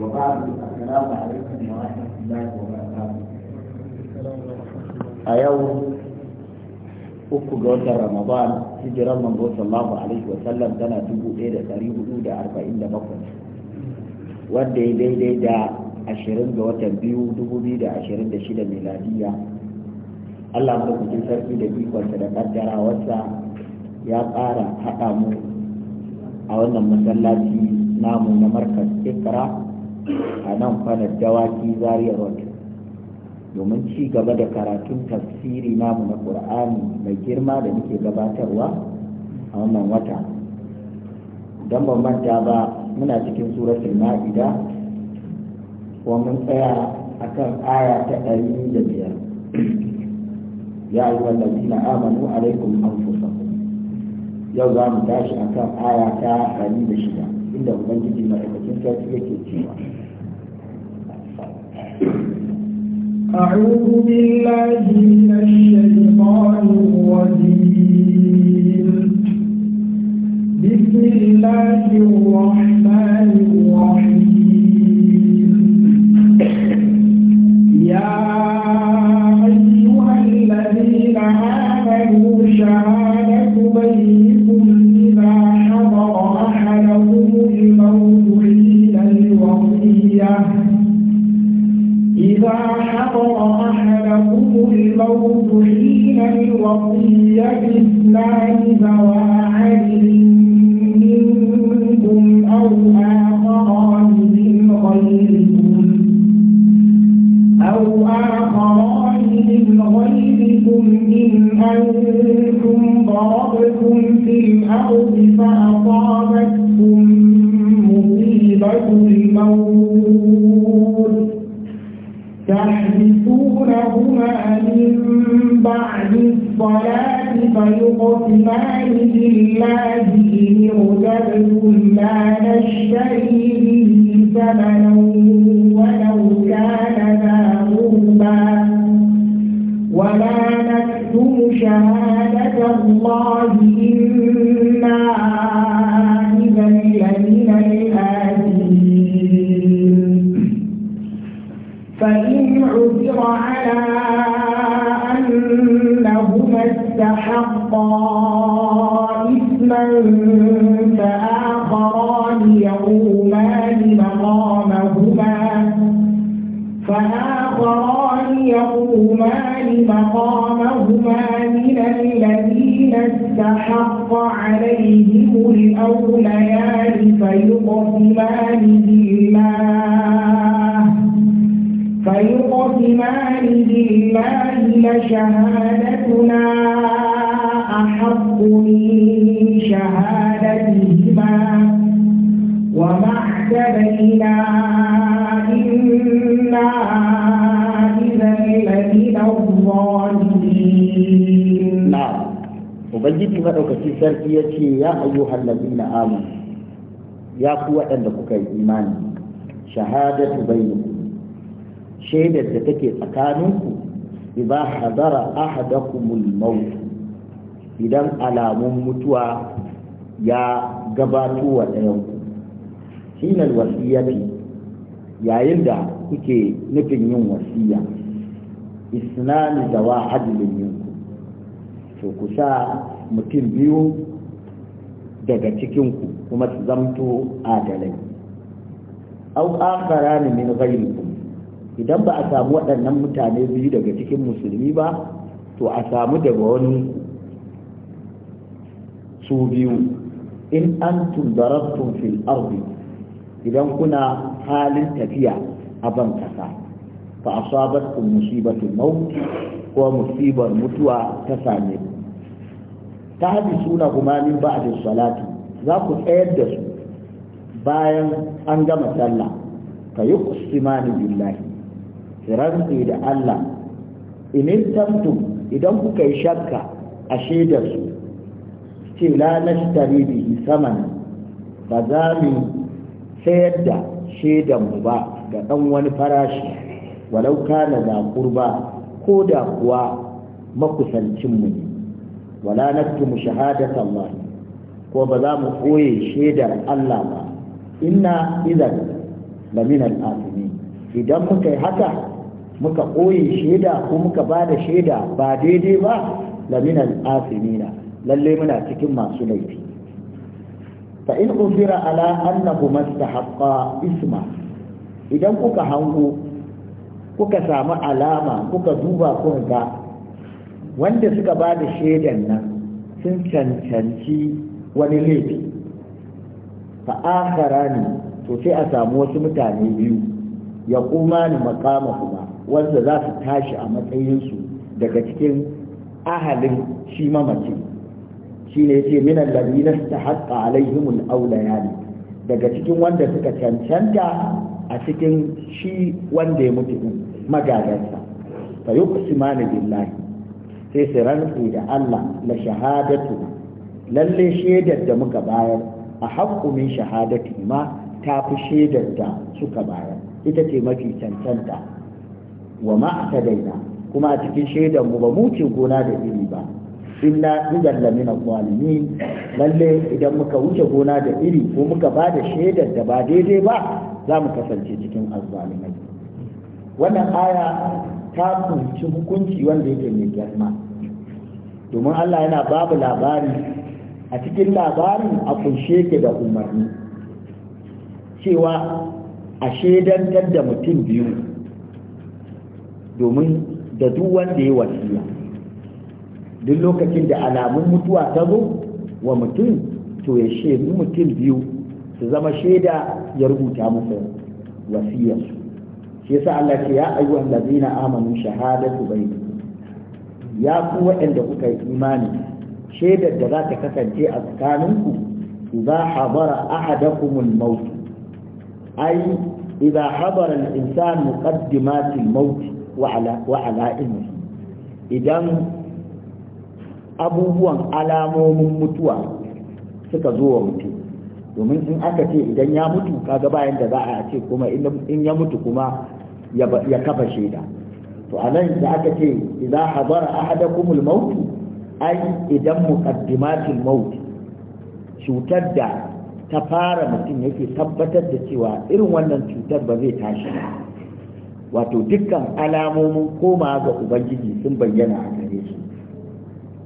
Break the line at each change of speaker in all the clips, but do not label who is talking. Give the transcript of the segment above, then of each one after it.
a yau uku ga watan ramadan hijirar manzo sallallahu alaihi wa sallam tana dubu ɗaya da da wanda ya daidai da ashirin ga watan biyu da ashirin da shida miladiya allah madaukakin sarki da bikonsa da kaddarawarsa ya ƙara haɗa mu a wannan masallaci namu na markas ikra a nan kwanar dawaki zaria road domin ci gaba da karatun tafsiri namu na ƙur'ani mai girma da muke gabatarwa a wannan wata don ban manta ba muna cikin suratul ma'ida kuma mun tsaya akan aya ta ɗari da biyar ya yi wallafi na amanu alaikum an yau za mu tashi akan aya ta ɗari da shida inda ubangiji ma'aikacin sarki yake cewa
أعوذ بالله من الشيطان الرجيم بسم الله الرحمن
الرحيم
النار
ubangiji madaukaki sarki ya ce ya ayyuhal na amanu ya ku waɗanda kuka yi imani shahadatu bainakum shaidar da take tsakaninku idza hadara ahadakumul maut idan alamun mutuwa ya gabato wa ɗayan ku hinal wasiyati yayin da kuke nufin yin wasiya isnani dawa adlin to ku sa mutum biyu daga cikinku kuma su zamto adalai au akara ne min ku. idan ba a samu waɗannan mutane biyu daga cikin musulmi ba to a samu daga wani su biyu in an tundarattun fil ardi idan kuna halin tafiya a ban kasa fa asabatkum musibatul maut ko musibar mutuwa ta same ku ta haɗi suna ba ba'adin salati za ku tsayar da su bayan an gama sallah ka yi kusimani billahi rantsi da Allah inin tantum idan kuka yi shakka a shaidar su ce la nashtari bihi saman ba za mu sayar da shaidar mu ba ga ɗan wani farashi walau kana za kurba ko da kuwa makusancin mu ne wala naktumu shahadata Allah ko ba za mu koye shaidar Allah ba inna idan la min al idan muka yi haka muka koye shaida ko muka ba da shaida ba daidai ba la min al lalle muna cikin masu laifi fa in ufira ala annahu mastahaqqa isma idan kuka hango kuka samu alama kuka duba kuka ga wanda suka ba da shaidan nan sun cancanci wani laifi fa'akara ne to sai a samu wasu mutane biyu ya kuma ni makama kuma wanda za su tashi a matsayinsu daga cikin ahalin shi mamaci shi ne ce minan lalina ta haƙa alaihimul aulaya ne daga cikin wanda suka cancanta a cikin shi wanda ya mutu magagarsa fa yi billahi sai su da Allah la shahadatu lalle shaidar da muka bayar a haƙƙu min ma ta fi shaidar da suka bayar ita ce mafi cancanta wa ma a daina kuma a cikin shaidar mu ba mu ce gona da iri ba inna idan lamina zalimin lalle idan muka wuce gona da iri ko muka ba da shaidar da ba daidai ba za mu kasance cikin azzalimai wannan aya ta kunci hukunci wanda yake mai girma domin Allah yana babu labari a cikin labarin a kunshe ke da umarni cewa a shaidantar da mutum biyu domin da duk wanda ya wasiya duk lokacin da alamun mutuwa ta zo wa mutum to ya shaidu mutum biyu su zama shaida ya rubuta musu wasiyarsu shi yasa Allah ce ya ayyuhan ladina amanu shahadatu bainakum ya ku waɗanda kuka yi imani shaidar da za ta kasance a tsakaninku idza habara ahadakumul maut ai idza hadara al-insan muqaddimatil maut wa ala wa ala idan abubuwan alamomin mutuwa suka zo wa mutum domin in aka ce idan ya mutu kaga bayan da za a ce kuma in ya mutu kuma ya kafa shaida to a nan da aka ce idan hada ahadakumul mautu, ai idan muqaddimatul maut cutar da ta fara mutum yake tabbatar da cewa irin wannan cutar ba zai tashi ba, wato dukkan alamomin koma ga ubangiji sun bayyana a gare su,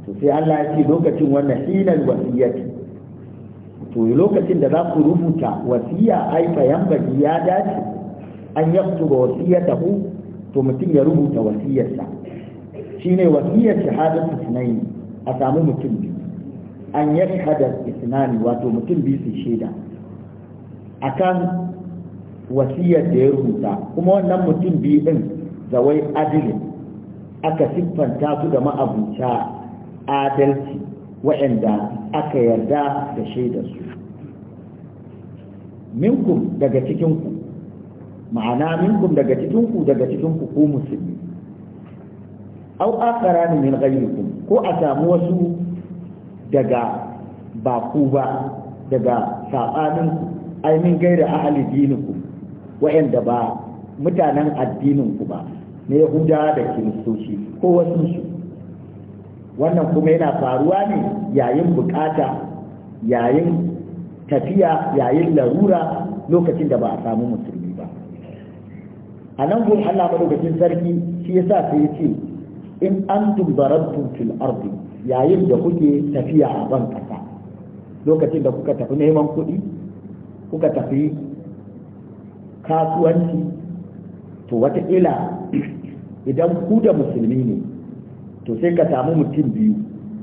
to sai Allah ya ce lokacin wannan hilal wasiyyati to lokacin da za ku rubuta wasiya ai bayan ya dace an yaktuba wasiyatahu to mutum ya rubuta wasiyarsa shine wasiyar shahadatu sunayi a samu mutum biyu an yashhada isnani wato mutum biyu su shaida akan wasiyar da ya rubuta kuma wannan mutum biyu din zawai adilin aka siffanta su da ma'abuta adalci waɗanda aka yarda da shaidarsu minkum daga cikinku ma'ana minkum daga cikinku daga cikinku ku musulmi au akara min ghayrikum ko a samu wasu daga baku ba daga sabaninku ai min gaira ahli dininku, wa'anda ba mutanen addininku ba na yahuda da kiristoci ko wasu su wannan kuma yana faruwa ne yayin bukata yayin tafiya yayin larura lokacin da ba a samu musulmi a nan gobe Allah madaukakin sarki shi yasa sai ya ce in an darabtum fil ardi yayin da kuke tafiya a ban kasa lokacin da kuka tafi neman kuɗi kuka tafi kasuwanci to wataƙila idan ku da musulmi ne to sai ka samu mutum biyu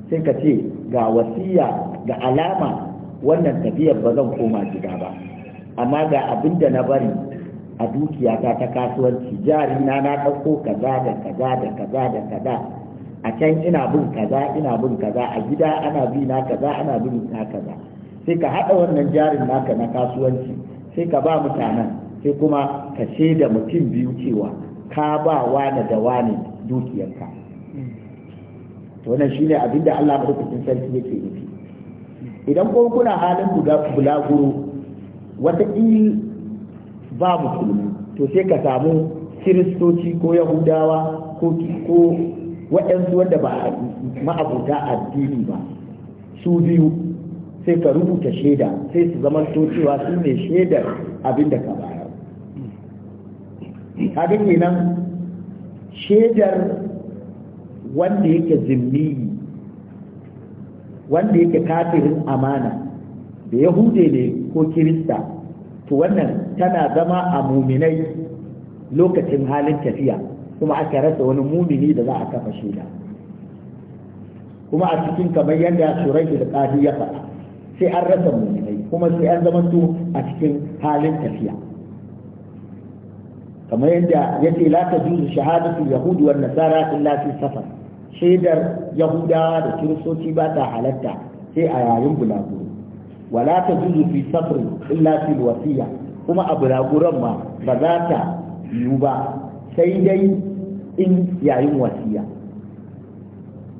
sai ka ce ga wasiya ga alama wannan tafiyar ba zan koma gida ba amma ga abin da na bari a dukiyata ta kasuwanci jari na na ɗauko kaza da kaza da kaza da kaza a can ina bin kaza ina bin kaza a gida ana bi na kaza ana bin na kaza sai ka haɗa wannan jarin naka na kasuwanci sai ka ba mutanen sai kuma ka da mutum biyu cewa ka ba wane da wane dukiyarka to nan shine abin da Allah madaukakin sarki yake nufi idan ko kuna halin bulaguro wata ba musulmi to sai ka samu kiristoci ko yahudawa ko ko waɗansu wanda ba ma'abuta addini ba su biyu sai ka rubuta shaida sai su zama cewa su ne shaidar abin da ka bayar kaga kenan shaidar wanda yake zimmi wanda yake kafirin amana da yahude ne ko kirista to wannan tana zama a muminai lokacin halin tafiya kuma aka rasa wani mumini da za a kafa da. kuma a cikin kamar yadda shuraihu da ya faɗa sai an rasa muminai kuma sai an zama su a cikin halin tafiya kamar yadda ce, la juzu shahadatu yahud wa nasara illa fi safar shaidar yahudawa da kiristoci ba ta halatta sai a yayin bulaguro wala ta juzu fi safri illa fi wasiya kuma a buraguran ma ba za ta yiwu ba sai dai in yayin wasiya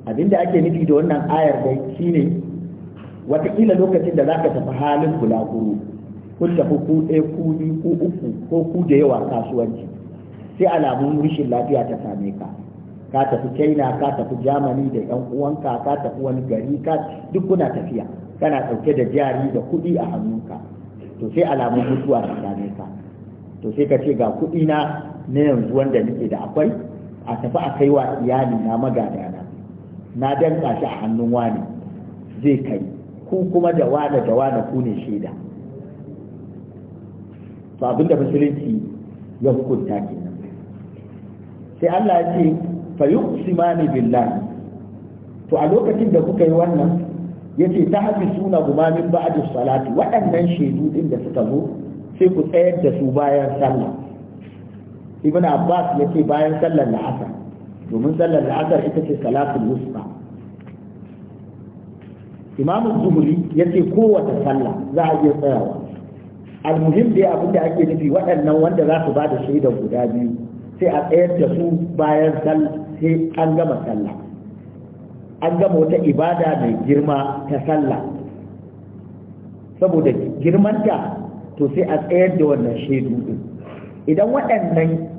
abinda ake nufi da wannan ayar dai shine watakila lokacin da zaka tafi halin bulaguro kun tafi ku ɗaya ku biyu ku uku ko ku da yawa kasuwanci sai alamun rashin lafiya ta same ka ka tafi china ka tafi germany da yan uwanka ka tafi wani gari ka duk kuna tafiya kana ɗauke da jari da kuɗi a hannunka to sai alamun mutuwa ta same ka to sai ka ce ga kuɗi na na yanzu wanda nake da akwai a tafi a kai wa iyali na magadana na danka shi a hannun wani zai kai ku kuma da wane da wane ku ne shaida to abinda musulunci ya hukunta kenan sai Allah ya ce fa yuqsimani billahi to a lokacin da kuka yi wannan yace ta hafi suna gumamin ba'ad salati waɗannan shaidu din da suka zo sai ku tsayar da su bayan sallah ibn abbas yace bayan sallar la'asar domin sallar la'asar ita ce salatul wusta imamu zuhuri yace kowace sallah za a iya tsayawa almuhim dai abin da ake nufi waɗannan wanda za su ba da guda biyu sai a tsayar da su bayan sai an gama sallah an gama wata ibada mai girma ta sallah saboda girmanta to sai a tsayar da wannan shaidu din idan waɗannan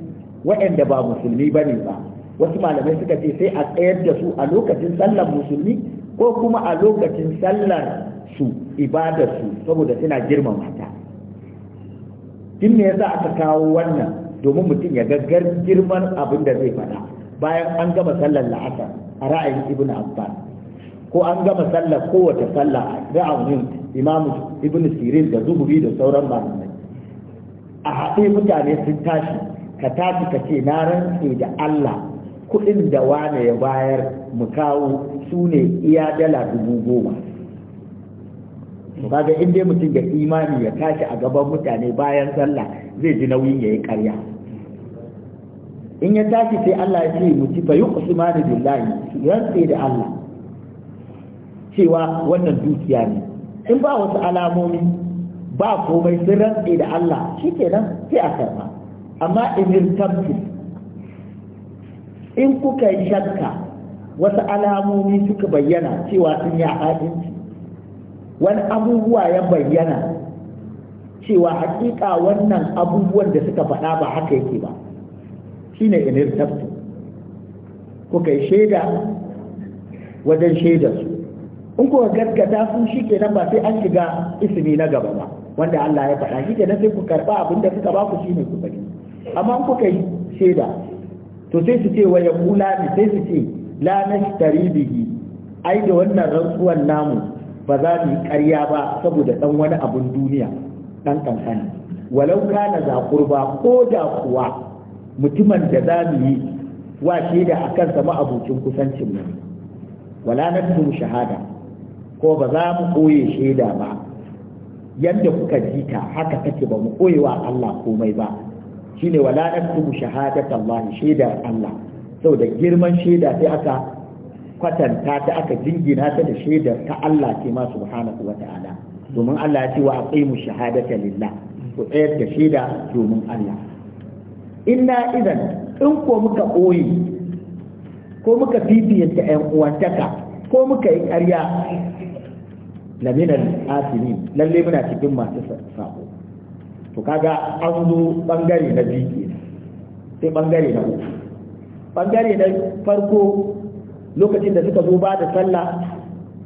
waɗanda ba musulmi ba ne ba wasu malamai suka ce sai a tsayar da su a lokacin sallar musulmi ko kuma a lokacin sallar su ibadar su saboda suna girmama ta tun ne yasa aka kawo wannan domin mutum ya ga girman abin da zai faɗa bayan an gama sallar la'asar a ra'ayin ibn abbas ko an gama sallah kowace sallah a ra'ayin imam ibn sirin da zuhuri da sauran malamai a haɗe mutane sun tashi ka tashi ka ce na rantse da allah kuɗin da wane ya bayar mu kawo su iya dala dubu goma kaga in dai mutum da imani ya tashi a gaban mutane bayan sallah zai ji nauyin ya yi karya in ya tashi sai Allah ya ce mutu fa yuqsimani billahi rantsi da Allah cewa wannan dukiya ne in ba wasu alamomi ba komai sun rantsi da Allah shikenan sai a karba amma in irtabtu in kuka yi shakka wasu alamomi suka bayyana cewa sun yi haɗinci wani abubuwa ya bayyana cewa hakika wannan abubuwan da suka faɗa ba haka yake ba shine inar tabtu ku kai shaida wajen shaidarsu in kuka gaskata su shi nan ba sai an shiga isimi na gaba ba wanda Allah ya faɗa shi nan sai ku karɓa abin da suka ba ku shi ne ku faɗi amma in kuka yi shaida to sai su ce wa ya kula ne sai su ce la nashtari bihi ai da wannan rantsuwan namu ba za mu yi ƙarya ba saboda ɗan wani abun duniya ɗan kankan walau kana za kurba ko da kuwa mutumin da za mu yi wa shaida a kansa ma'abucin kusancin mu wala na shahada ko ba za mu koye shaida ba yadda kuka ji ta haka take ba mu koye wa Allah komai ba shine wala na shahada Allah shaida Allah saboda girman shaida sai aka kwatanta ta aka jingina ta da shaidar ta Allah ke ma subhanahu wa ta'ala domin Allah ya ce wa aqimu shahadata lillah ku tsayar da shaida domin Allah inna idan in ko muka ɓoye ko muka fifiyanta ‘yan uwantaka ko muka yi ƙarya minar asini lalle muna cikin masu sabo to kaga an zo bangare na biyu sai bangare na uku bangare na farko lokacin da suka zo ba da sallah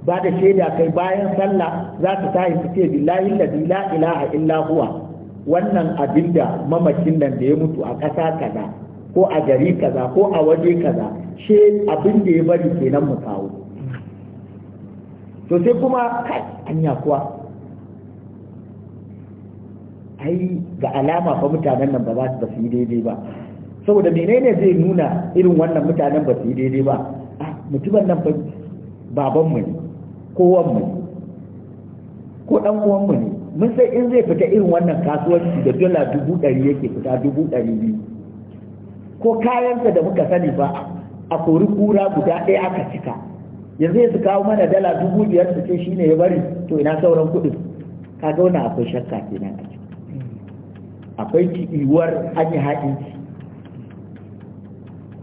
ba da shaida kai bayan sallah za su tahi su ce billahi la ilaha illa huwa wannan abin da mamakin nan da ya mutu a ƙasa kaza ko a gari kaza ko a waje kaza she abin da ya bari kenan mu kawo to sai kuma kai anya kuwa ai ga alama fa mutanen nan ba za su yi daidai ba saboda menene zai nuna irin wannan mutanen ba su yi daidai ba mutumin nan fa babanmu ne kowanmu ne ko dan uwanmu ne mun sai in zai fita irin wannan kasuwanci da dala dubu ɗari yake fita dubu ɗari biyu ko kayansa da muka sani ba a kori kura guda ɗaya aka cika yanzu ya su kawo mana dala dubu biyar su ce shi ne ya bari to ina sauran kuɗin ka wani akwai shakka ke a akwai ciwuwar an yi haɗi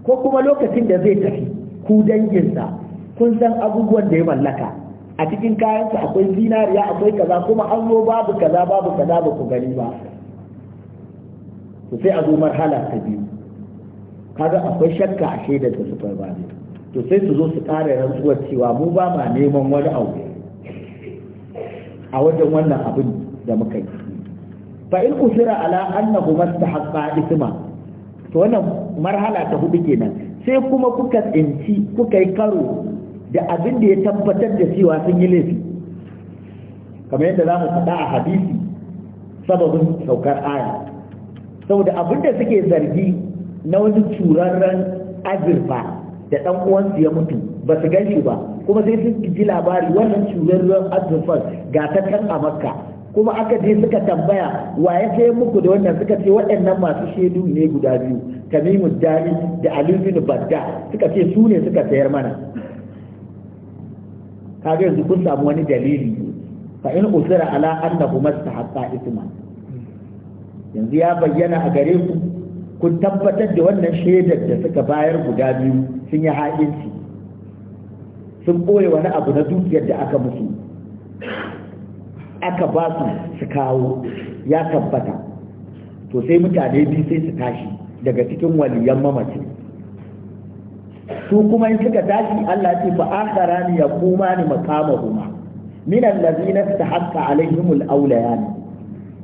ko kuma lokacin da zai tafi ku danginsa kun san abubuwan da ya mallaka a cikin kayansa akwai zinariya akwai kaza kuma an zo babu kaza babu kaza ba ku gani ba to sai a zo marhala ta biyu kaga akwai shakka a shaidar da su farba ne to sai su zo su ƙara rantsuwar cewa mu ba ma neman wani abu a wajen wannan abin da muka yi fa in usira ala annahu mastahaqqa isma to wannan marhala ta hudu kenan sai kuma kuka tsinci kuka yi karo da abin da ya tabbatar da cewa sun yi laifi kamar yadda za mu faɗa a hadisi sababin saukar aya saboda abin da suke zargi na wani turaren azurfa da ɗan uwansu ya mutu ba su gani ba kuma sai sun ji labari wannan turaren azurfa ga ta kan a makka kuma aka je suka tambaya wa ya sai muku da wannan suka ce waɗannan masu shaidu ne guda biyu tamimu da aliyu badda suka ce su ne suka sayar mana kaga yanzu kun samu wani dalili fa in usira ala annahu mastahaqqa isma yanzu ya bayyana a gare ku kun tabbatar da wannan shaidar da suka bayar guda biyu sun yi ha'inci sun ɓoye wani abu na dukiyar da aka musu aka ba su su kawo ya tabbata to sai mutane biyu sai su tashi daga cikin waliyan mamacin su kuma in suka tashi Allah ce ba akhara ni ya kuma ni makamahuma min allazina istahaqqa alaihimul ne.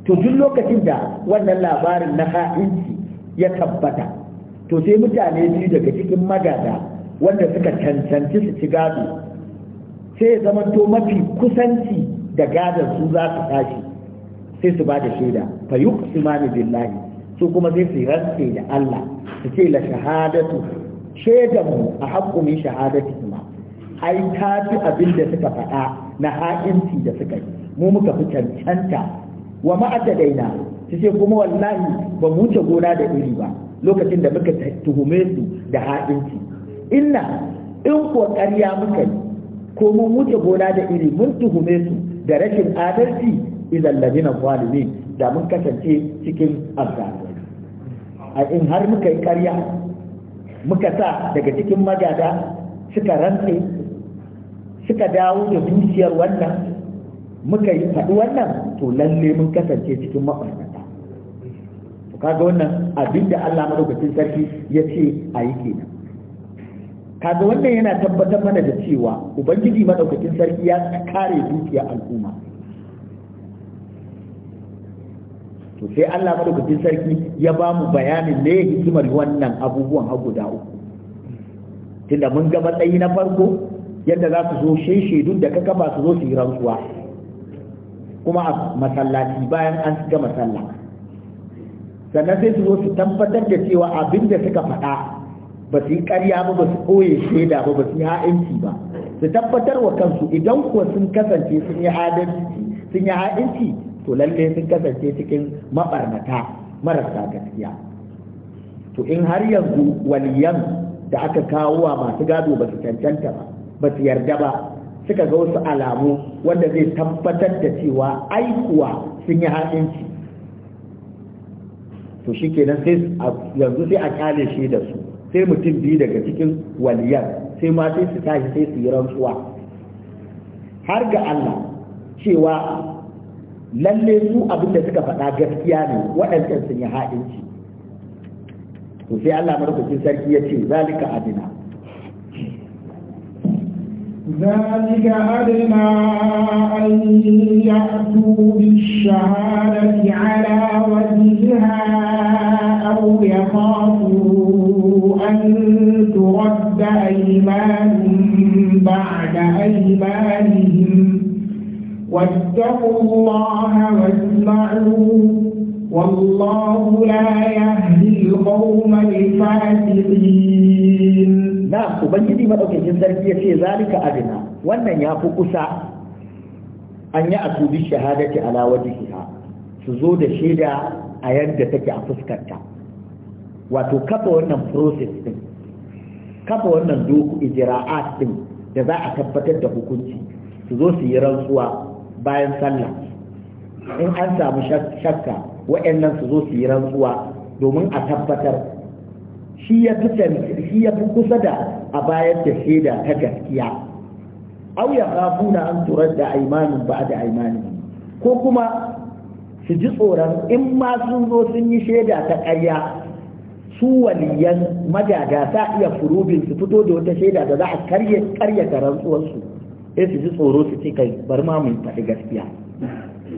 to duk lokacin da wannan labarin na ha'inci ya tabbata to sai mutane biyu daga cikin magada wanda suka cancanci su ci gado sai zama to mafi kusanci da gadon su za su tashi sai su ba da shaida fa yuqsimani billahi su kuma sai su rantse da Allah su ce la shahadatu shaidan mu a haƙƙu min shahadatihima ai ta fi abin da suka faɗa na ha'inci da suka yi mu muka fi cancanta wa ma'ata daina Su ce kuma wallahi ba mu wuce gona da iri ba lokacin da muka tuhume su da ha'inci inna in ko ƙarya muka yi ko mun wuce gona da iri mun tuhume su da rashin adalci idan labinan zalimin da mun kasance cikin azzalimi a in har muka yi ƙarya muka sa daga cikin magada suka rantse suka dawo da dukiyar wannan muka yi faɗi wannan to lalle mun kasance cikin maɓarnata to kaga wannan abin da Allah madaukakin sarki ya ce a yi kenan kaga wannan yana tabbatar mana da cewa ubangiji madaukakin sarki ya kare dukiyar al'umma to sai Allah madaukakin sarki ya ba mu bayanin ne hikimar wannan abubuwan har guda uku tunda mun ga matsayi na farko yadda za su zo sheshe duk da ka kafa su zo su yi rantsuwa kuma a masallaci bayan an ga masalla sannan sai su zo su tabbatar da cewa abin da suka faɗa ba su yi ƙarya ba ba su ɓoye shaida ba ba su yi ha'inci ba su tabbatar wa kansu idan kuwa sun kasance sun yi adalci sun yi ha'inci to lalle sun kasance cikin mabarnata marasa gaskiya to in har yanzu waliyan da aka kawo wa masu gado ba su cancanta ba ba su yarda ba suka ga wasu alamu wanda zai tabbatar da cewa aikuwa sun yi haɗinci to shi kenan sai yanzu sai a kyale shi da su sai mutum biyu daga cikin waliyan sai ma sai su tashi sai su yi rantsuwa har ga Allah cewa lalle su abin da suka faɗa gaskiya ne waɗancan sun yi ha'inci to sai Allah madaukakin sarki ya ce zalika adina
ذلك أدنى أن يأتوا بالشهادة على وجهها أو يخافوا أن ترد أيمان بعد أيمانهم واتقوا الله واسمعوا والله لا يهدي القوم الفاسقين نعم
ubangiji madaukakin sarki ya ce zalika adina wannan ya fi kusa an yi asubi shahadati ala wajhiha su zo da shaida a yadda take a fuskarta wato kafa wannan process din kafa wannan doku ijra'at din da za a tabbatar da hukunci su zo su yi rantsuwa bayan sallah in an samu shakka wa'annan su zo su yi rantsuwa domin a tabbatar shi ya fi kusa da a bayar da shaida ta gaskiya au ya kafuna an turar da aimanin ba da aimanin ko kuma su ji tsoron in ma sun zo sun yi shaida ta ƙarya su waliyan magada sa iya furubin su fito da wata shaida da za a karya karya rantsuwarsu sai su ji tsoro su ce kai bar ma mu faɗi gaskiya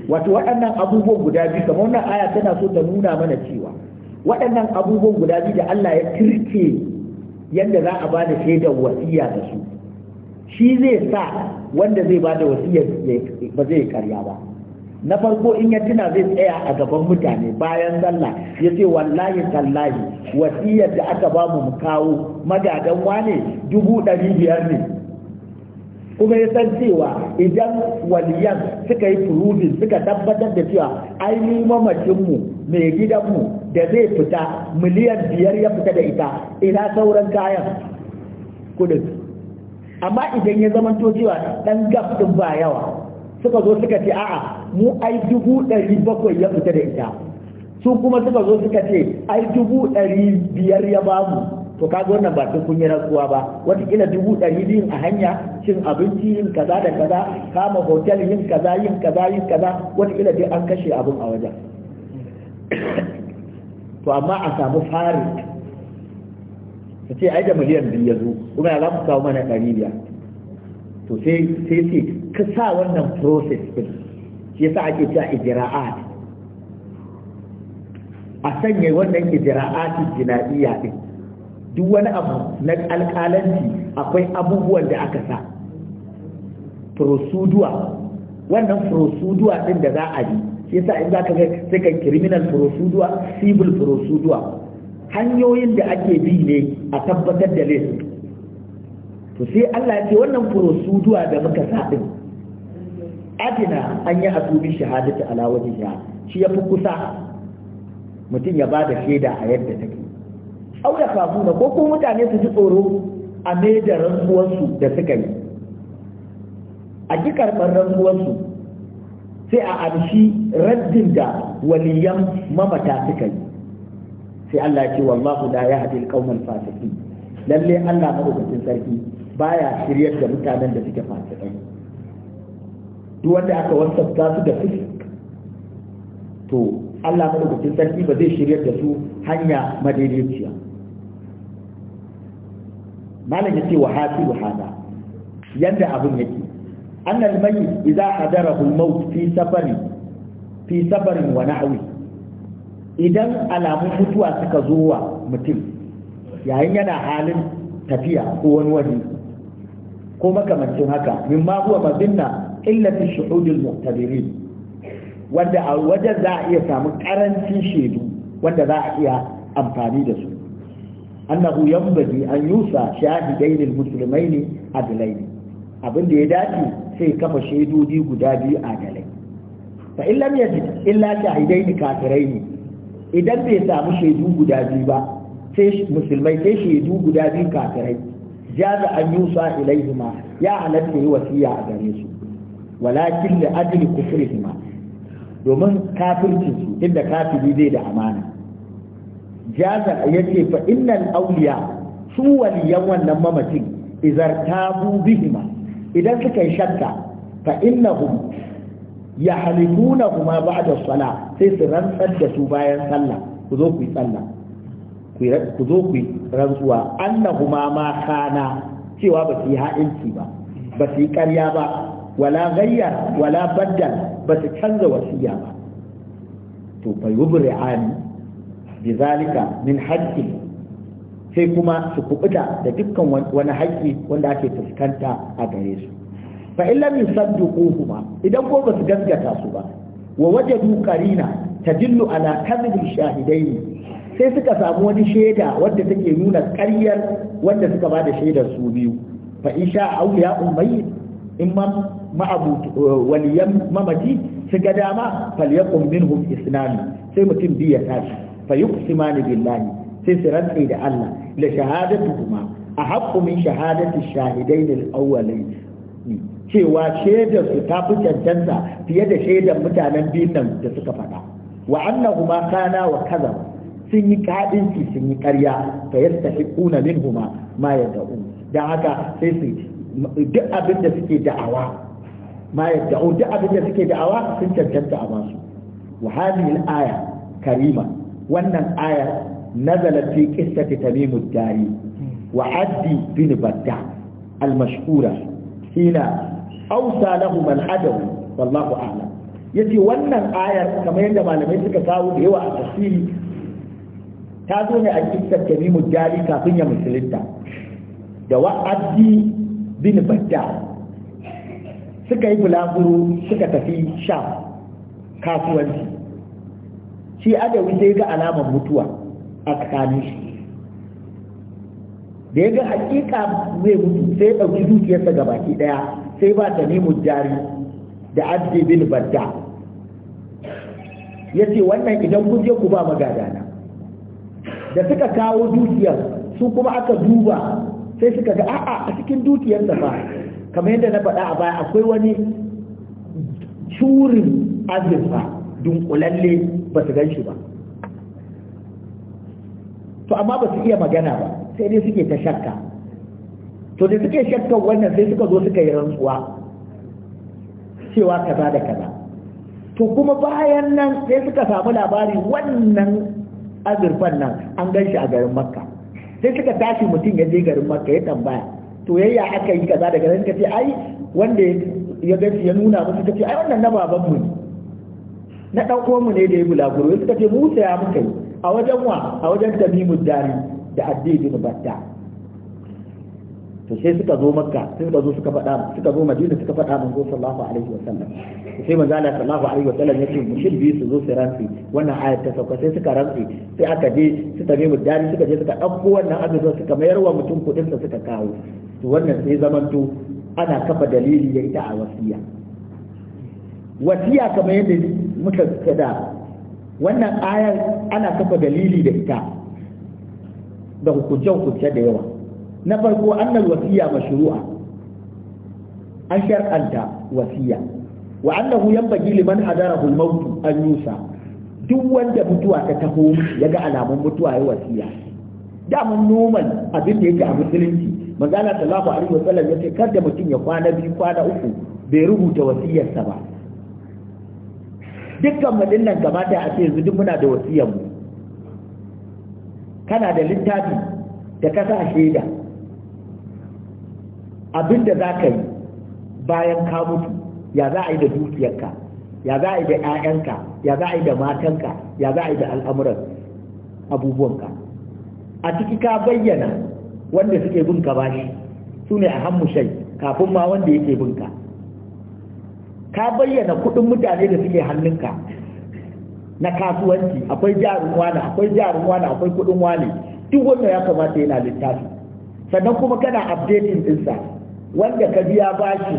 wato waɗannan abubuwan guda biyu kamar wannan aya tana so ta nuna mana cewa waɗannan abubuwan guda biyu da Allah ya kirke yadda za a bada shaidar wasiya da su shi zai sa wanda zai bada wasiya ba zai karya ba na farko in ya tuna zai tsaya a gaban mutane bayan sallah ya ce wallahi tallahi wasiyar da aka ba mu kawo magadan wane dubu ɗari biyar ne kuma ya san cewa idan waliyan suka yi furudin suka tabbatar da cewa ai mu mamacinmu mai gidanmu da zai fita miliyan biyar ya fita da ita ina sauran kayan kudin amma idan ya zama to cewa dan gaf din ba yawa suka zo suka ce a'a mu ai dubu ɗari bakwai ya fita da ita su kuma suka zo suka ce ai dubu ɗari biyar ya bamu to kaga wannan ba sai kun yi rantsuwa ba watakila dubu ɗari biyu a hanya cin abinci yin kaza da kaza kama hotel yin kaza yin kaza yin kaza watakila dai an kashe abin a wajen to amma a samu fari ta ce ai da miliyan biyu ya zo kuma ya za mu kawo mana ɗari biya to sai sai ce ka sa wannan process din shi yasa ake cewa ijra'at a sanya wannan ijra'at jinaiya din duk wani abu na alƙalanci akwai abubuwan da aka sa prosuduwa wannan prosuduwa din da za a bi shi yasa in zaka ga sai ka criminal prosuduwa civil prosuduwa hanyoyin da ake bi ne a tabbatar da laifin to sai Allah ya ce wannan prosuduwa da muka sa din adina an yi asubi shahadatu ala wajhiha shi yafi kusa mutum ya bada shaida a yadda take auya ya kafu na ko ko mutane su ji tsoro a mai da rantsuwarsu da suka yi a ji karɓar rantsuwarsu sai a amshi raddin da waliyan mamata suka yi sai Allah ce wallahu la yahdi al-qawmal fasiqin lalle Allah madaukakin sarki baya shiryar da mutanen da suke fasiki duk wanda aka wasafta su da fisik to Allah madaukakin sarki ba zai shiryar da su hanya madaidaiciya malam yace wa hasibu hada yanda abun yake annal mayyit idza hadarahu al-maut fi safarin fi safarin wa nahwi idan alamun mutuwa suka zo wa mutum yayin yana halin tafiya ko wani wani. ko makamancin haka ma huwa mazinna illati shuhudul mu'tabirin wanda a wajen za a iya samu karancin shaidu wanda za a iya amfani da su annahu yanbaghi an yusa shahidain almuslimain adlain abin da ya dace sai kafa shaidodi guda biyu adalai fa in lam yajid illa shahidain kafirain idan bai samu shaidu guda biyu ba sai musulmai sai shaidu guda biyu kafirai jaza an yusa ilaihima ya halatta yi wasiya a gare su walakin da ajli kufrihima domin kafircin su da kafiri zai da amana jaza yace fa innal awliya su waliyan wannan mamacin idan tabu bihima idan suka yi shakka fa kuma yahlifunahuma da sala sai su rantsar da su bayan sallah ku zo ku yi sallah ku zo ku rantsuwa annahuma ma kana cewa ba su yi ha'inci ba ba su yi karya ba wala gayyar wala baddal ba su canza wasiya ba to bai wubri ani bizalika min haƙƙi sai kuma su kubuta da dukkan wani haƙƙi wanda ake fuskanta a gare su fa in lam kuma idan ko ba su gaskata su ba wa wajadu qarina tadillu ala kadhib shahidaini sai suka samu wani shaida wadda take nuna ƙaryar wanda suka ba da shaidar su biyu fa in sha auliya ummayyid in ma ma'abutu eh, waliyan mamaci su ga dama falyaqum minhum islami sai mutum biya tashi fayuqsimani billahi sai su rantsi da Allah la a ahaqqu min shahadati shahidain al-awwalin cewa shaidar su ta fi cancanta fiye da shaidar mutanen biyun nan da suka faɗa wa annahuma kana wa kaza sun yi kadinci sun yi ƙarya fa yastahiquna minhuma ma yad'u dan haka sai su duk abin da suke da'awa ma yadda'u duk abin da suke da'awa sun cancanta a basu wa hadhihi aya karima wannan aya nazalat fi qissati tamim ad-dari wa addi bin badda al-mashhura hina awsa lahum al-adaw wallahu a'lam yace wannan ayar kamar yadda malamai suka kawo da yawa a tafsiri ta zo ne a kissar tamim ad-dari kafin ya musulunta da wa'addi bin badda suka yi bulaguro suka tafi sha kasuwanci shi adawi sai ga alamar mutuwa a tsakanin shi da ya ga hakika zai mutu sai ya ɗauki dukiyarsa ga baki ɗaya sai ba ta nemo jari da abdi bin badda ya ce wannan idan kun je ku ba magadana da suka kawo dukiyar su kuma aka duba sai suka ga a'a a cikin dukiyar da ba kamar yadda na faɗa a baya akwai wani curin azurfa dunkulalle ba su gan shi ba to amma ba su iya magana ba sai dai suke ta shakka to da suke shakkan wannan sai suka zo suka yi rantsuwa cewa kaza da kaza to kuma bayan nan sai suka samu labari wannan azurfan nan an gan shi a garin makka sai suka tashi mutum ya je garin makka ya tambaya to yayya aka yi kaza daga nan kace ai wanda ya gaci ya nuna musu kace ai wannan na baban mu na dan uwan mu ne da ya bulaguro sai kace Musa ya muka yi a wajen wa a wajen Tamimu Dari da Addi Batta to sai suka zo makka sai suka zo suka faɗa suka zo madina suka faɗa manzo sallallahu alaihi wa sallam sai manzo Allah sallallahu alaihi wa sallam yace mushil bi su zo su rantsi wannan ayat ta sauka sai suka rantsi sai aka je su tabe mu dani suka je suka ɗauko wannan azza suka mayar wa mutum kudin sa suka kawo to wannan sai zamanto ana kafa dalili da ita a wasiya wasiya kamar yadda muka da wannan ayar ana kafa dalili da ita da hukunce-hukunce da yawa na farko annal wasiya mashru'a an shar'anta wasiya wa annahu yanbaghi liman hadarahu al-maut an yusa duk wanda mutuwa ta taho yaga alamun mutuwa ya wasiya Da mun noman abin da yake a musulunci manzala sallallahu alaihi wasallam yace da mutum ya kwana biyu kwana uku bai rubuta wasiyarsa ba dukkan madinnan kamata a ce yanzu duk muna da wasiyar mu kana da littafi da kasa shaida abin da za ka yi bayan ka mutu ya za a yi da dukiyarka ya za a yi da 'ya'yanka ya za a yi da matanka ya za a yi da al'amuran abubuwanka a ciki ka bayyana wanda suke bin ka bashi su ne a hammu shai kafin ma wanda yake bin ka ka bayyana kuɗin mutane da suke hannunka na kasuwanci akwai jarin wani akwai jarin wani akwai kuɗin wani duk wanda ya kamata yana littafi sannan kuma kana updating ɗinsa wanda ka biya bashi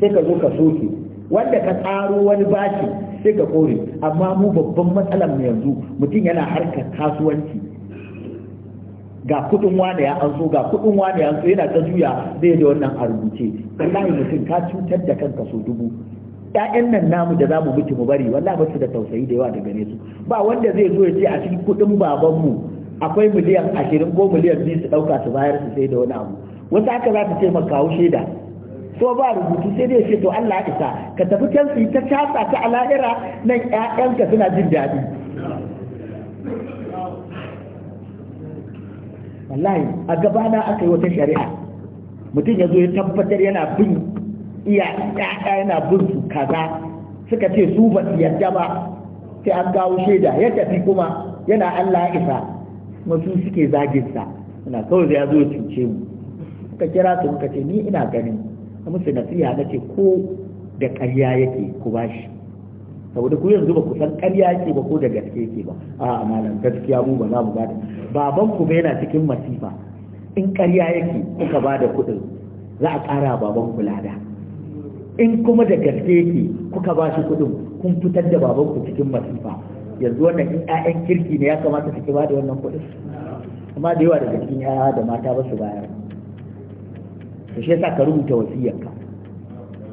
sai ka zo ka soke wanda ka tsaro wani bashi sai ka kore amma mu babban matsalar mu yanzu mutum yana harkar kasuwanci ga kudin wane ya an ga kudin wane ya an yana ta juya zai da wannan a rubuce wallahi mutum ka cutar da kanka so dubu ƴaƴan nan namu da zamu mutu mu bari wallahi ba su da tausayi da yawa daga ne su ba wanda zai zo ya ce a cikin kudin babanmu akwai miliyan ashirin ko miliyan biyu su ɗauka su bayar su sai da wani abu wanda haka za ta taimaka wa shaida so ba rubutu sai dai ce to Allah isa ka tafi can ta casa ta ala'ira nan ƴaƴanka suna jin daɗi wallahi a gabana aka yi wata shari'a mutum ya zo ya tabbatar yana bin iya ƴaƴa yana bin su kaza suka ce su ba su yarda ba sai an kawo shaida ya tafi kuma yana Allah isa wasu suke zagin sa kawai ya zo ya cuce mu ka kira su ka ce ni ina ganin na musu nasiha na ce ko da ƙarya yake ku bashi saboda ku yanzu ba ku san ƙarya yake ba ko da gaske yake ba a malam gaskiya mu ba za mu bada baban ku ba yana cikin masifa in ƙarya yake kuka ba da kuɗin za a ƙara baban ku lada in kuma da gaske yake kuka ba shi kuɗin kun fitar da baban ku cikin masifa yanzu wannan in ƴaƴan kirki ne ya kamata su ki bada wannan kuɗin amma da yawa daga cikin yaya da mata ba su bayar to shi yasa ka rubuta wasiyarka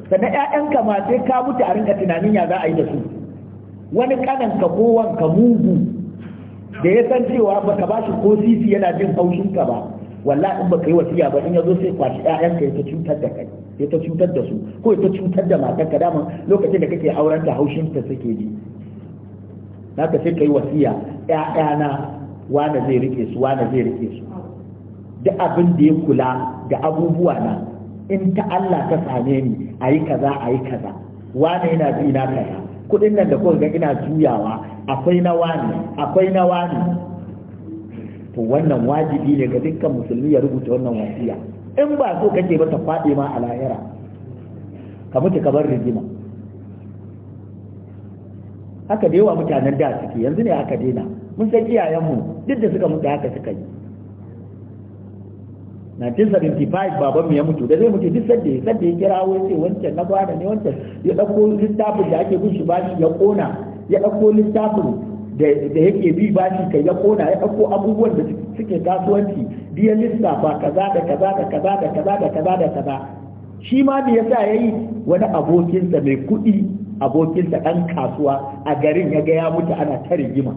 sannan ƴaƴanka ma sai ka mutu a rinka tunanin ya za a yi da su wani kanan ka ko wanka mugu da ya san cewa ka ba shi ko sisi yana jin haushin ka ba wallahi in baka yi wasiya ba in yazo sai kwashi ƴaƴanka ya ta cutar da kai ya ta cutar da su ko ya ta cutar da ka daman lokacin da kake auren ta haushin ta suke ji naka sai yi wasiya ƴaƴana wane zai rike su wane zai rike su duk abin da ya kula da abubuwa na in ta Allah ta same ni a yi kaza a yi kaza wane yana bi na kaza kuɗin nan da kuka ga ina juyawa akwai na wani akwai na wani to wannan wajibi ne ga dukkan musulmi ya rubuta wannan wasiya in ba so kake ba ta faɗi ma a lahira ka mutu ka bar rigima haka da yawa mutanen da suke yanzu ne aka daina mun san iyayenmu duk da suka mutu haka suka yi 1975 babanmu ya mutu da zai mutu duk sadda ya sadda ya kira wai sai wancan na bada ne wancan ya ɗauko littafin da ake bin shi bashi ya ƙona ya ɗauko littafin da yake bi bashi kai ya ƙona ya ɗauko abubuwan da suke kasuwanci biya lissafa kaza da kaza da kaza da kaza da kaza da kaza shi ma me yasa yayi wani abokinsa mai kuɗi abokinsa ɗan kasuwa a garin ya ga ya mutu ana ta rigima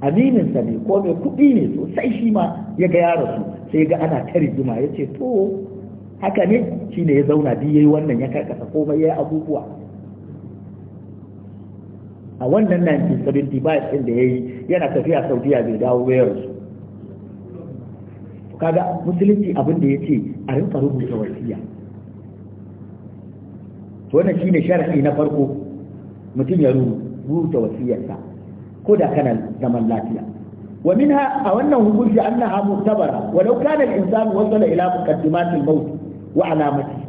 amininsa ne ko mai kuɗi ne sosai shi ma ya ga ya rasu sai ga ana tari juma ya ce to haka ne shi ne ya zauna biyu ya yi wannan ya karkasa komai ya yi abubuwa a wannan 1975 ɗin da ya yi yana tafiya saudiya bai dawo ya rasu kaga musulunci abin da ya ce a rinka rubuta wasiya wannan shine shar'i na farko mutum ya rubuta wasiyarsa ko da kana zaman lafiya wa minha a wannan hukunci annaha mutabara walau kana al-insan wasala ila muqaddimat al-maut wa alamati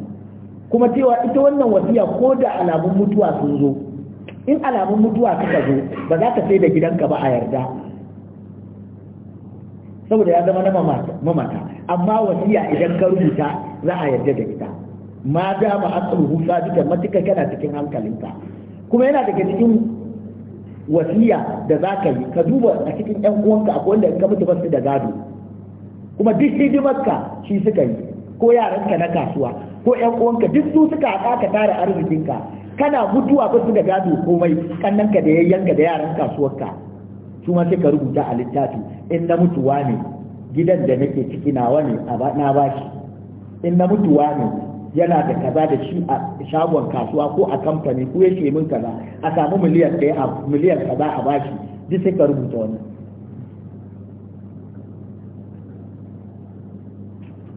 kuma cewa ita wannan wasiya ko da alamun mutuwa sun zo in alamun mutuwa suka zo ba za ka sai da gidanka ba a yarda saboda ya zama na mamata amma wasiya idan ka rubuta za a yarda da ita ma dama husa duka matuka kana cikin hankalinka kuma yana daga cikin wasiya da za ka yi ka duba a cikin yan uwanka akwai wanda ka mutu basu da gado kuma duk hidimarka shi suka yi ko yaranka na kasuwa ko yan uwanka duk su suka haɗa ka tara arzikinka kana mutuwa basu da gado komai kannanka da yayyanka da yaran kasuwarka su ma sai ka rubuta a littafi in na mutuwa ne gidan da nake ciki nawa ne na bashi in na mutuwa ne yana da kaza da shi a shagon kasuwa ko a kamfani ko yake mun min kaza a samu miliyan ɗaya a miliyan kaza a bashi duk sai ka rubuta wani.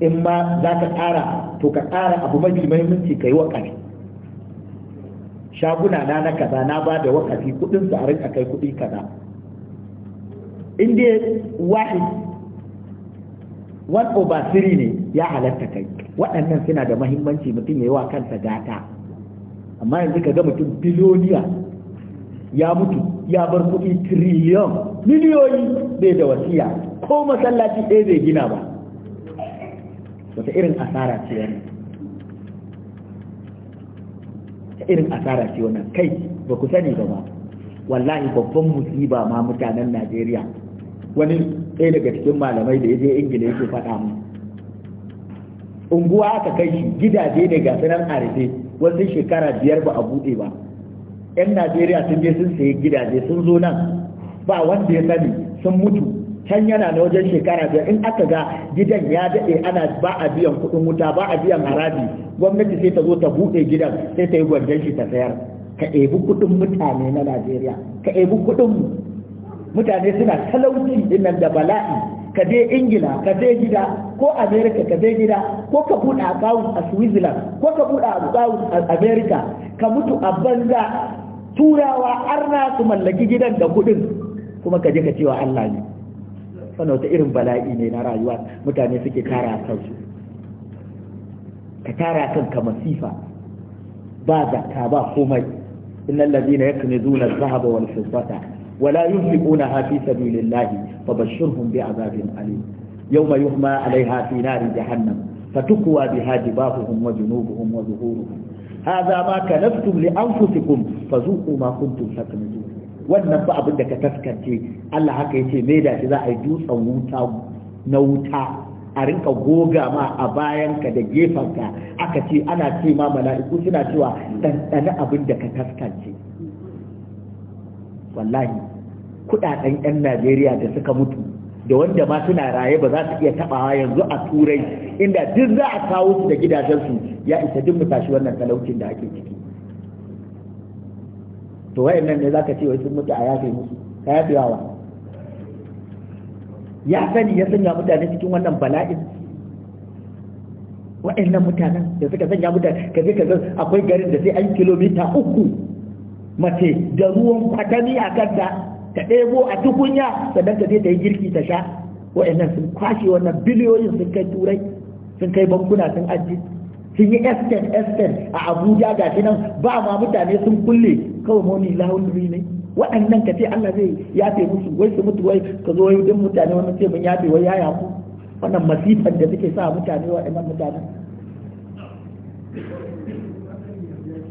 in ma za ka ƙara to ka ƙara abu mafi mahimmanci ka yi wakafi shaguna na na kaza na ba da wakafi kuɗin su a rinka kai kuɗi kaza in dai wahid one over three ne ya halatta kai waɗannan suna da mahimmanci mutum ya yi wa kansa gata amma yanzu ka ga mutum biloniya ya mutu ya bar kuɗi triliyon miliyoyi bai da wasiya ko masallaci ɗaya bai gina ba wata irin asara ce wani irin asara ce wannan kai ba ku sani ba ba wallahi babban musiba ma mutanen najeriya wani ɗaya daga cikin malamai da ya je ingila yake faɗa mu unguwa aka kai shi gidaje ne ga sanar arife wasu shekara biyar ba a buɗe ba yan najeriya sun je sun sayi gidaje sun zo nan ba wanda ya sani sun mutu can yana na wajen shekara biyar in aka ga gidan ya daɗe ana ba a biyan kuɗin wuta ba a biyan haraji gwamnati sai ta zo ta buɗe gidan sai ta yi gwanjan shi ta sayar ka ɗebi kuɗin mutane na najeriya ka ɗebi kuɗin mutane suna talauci dinnan da bala'i ka je ingila ka je gida ko america ka je gida ko ka buɗe account a switzerland ko ka buɗe account a america ka mutu a banza turawa arna su mallaki gidan da kuɗin kuma ka je ka cewa allah ne sannan wata irin bala'i ne na rayuwa mutane suke kara kansu ka tara ka masifa ba zakka ba komai innal ladina yaknizuna zuna dhahaba wal fiddata ولا ينفقونها في سبيل الله فبشرهم بعذاب أليم يوم يهمى عليها في نار جهنم فتقوى بها جباههم وجنوبهم وظهورهم هذا ما كنفتم لأنفسكم فذوقوا ما كنتم تكنزون wannan ba abin da ka taskance Allah haka ce me da shi za a yi dutsen wuta na wuta a rinka goga ma a bayanka da ka, aka ce ana ce ma mala'iku suna cewa ɗanɗana abin da ka taskance wallahi kudaden yan Najeriya da suka mutu da wanda ma suna raye ba za su iya tabawa yanzu a turai inda duk za a kawo su da gidajensu ya isa duk mu tashi wannan talaucin da ake ciki to nan ne zaka ce wai sun mutu a yafe musu ka yafe wa ya sani ya sanya mutane cikin wannan bala'in nan mutanen da suka sanya mutane ka je ka akwai garin da sai an kilomita uku mace da ruwan kwatami a kanta ta ɗebo a tukunya sannan ta je ta yi girki ta sha wa'annan sun kwashe wannan biliyoyin sun kai turai sun kai bankuna sun aji sun yi estate estate a abuja ga shi nan ba ma mutane sun kulle kawai moni laundry ne waɗannan ka ce allah zai yafe musu wai su mutu wai ka zo wai din mutane wannan ce mun yafe wai ya yafu wannan masifan da suke sa mutane waɗannan mutane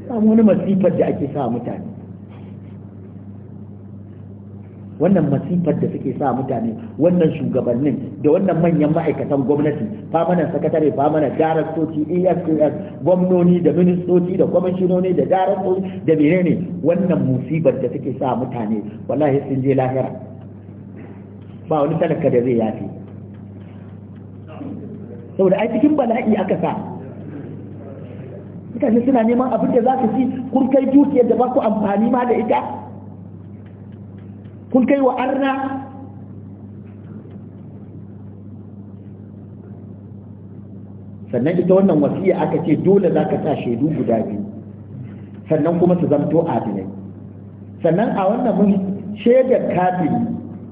samu wani masifar da ake sa mutane wannan masifar da suke sa mutane wannan shugabannin da wannan manyan ma'aikatan gwamnati famanan sakatare famanan daraktoci efcf gwamnoni da ministoci da kwamishinoni da daraktoci da menene wannan musibar da suke sa mutane wallahi sun je lahira ba wani talaka da zai yafi saboda ai cikin bala'i aka sa mutane suna neman abin da za su ci kun kai dukiyar da ba ku amfani ma da ita kun kai wa arna sannan ita wannan wasiya aka ce dole za ka sa shaidu guda biyu sannan kuma su zamto adilai sannan a wannan mun shaidar kafiri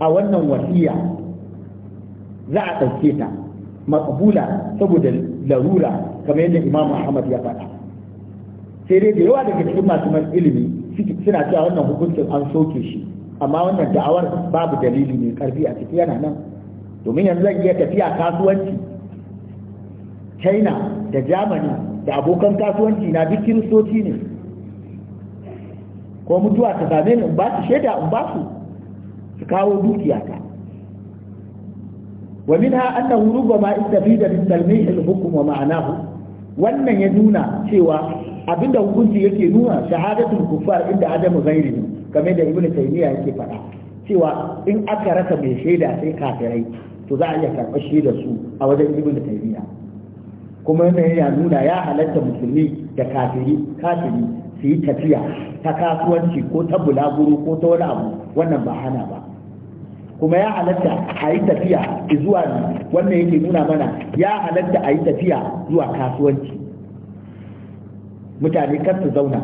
a wannan wasiya za a ɗauke ta makabula saboda larura kamar yadda imam Muhammad ya faɗa sai dai da yawa daga cikin masu ilimi suna cewa wannan hukuncin an soke shi amma wannan da'awar babu dalili mai karfi a ciki yana nan domin yanzu zan iya tafiya kasuwanci china da germany da abokan kasuwanci na duk kiristoci ne ko mutuwa ta same ni in ba su shaida in ba su su kawo dukiya ta wa anna huruba ma istafida min talmih al-hukm wa ma'anahu wannan ya nuna cewa abinda hukunci yake nuna shahadatul kufar inda adamu ghairihi game da ibnu taymiya yake faɗa cewa in aka rasa mai shaida sai kafirai to za a iya karɓar shaida su a wajen ibnu taymiya kuma yana ya nuna ya halatta musulmi da kafiri kafiri su yi tafiya ta kasuwanci ko ta bulaguro ko ta wani abu wannan ba hana ba kuma ya halatta a yi tafiya zuwa wannan yake nuna mana ya halatta a yi tafiya zuwa kasuwanci mutane kar su zauna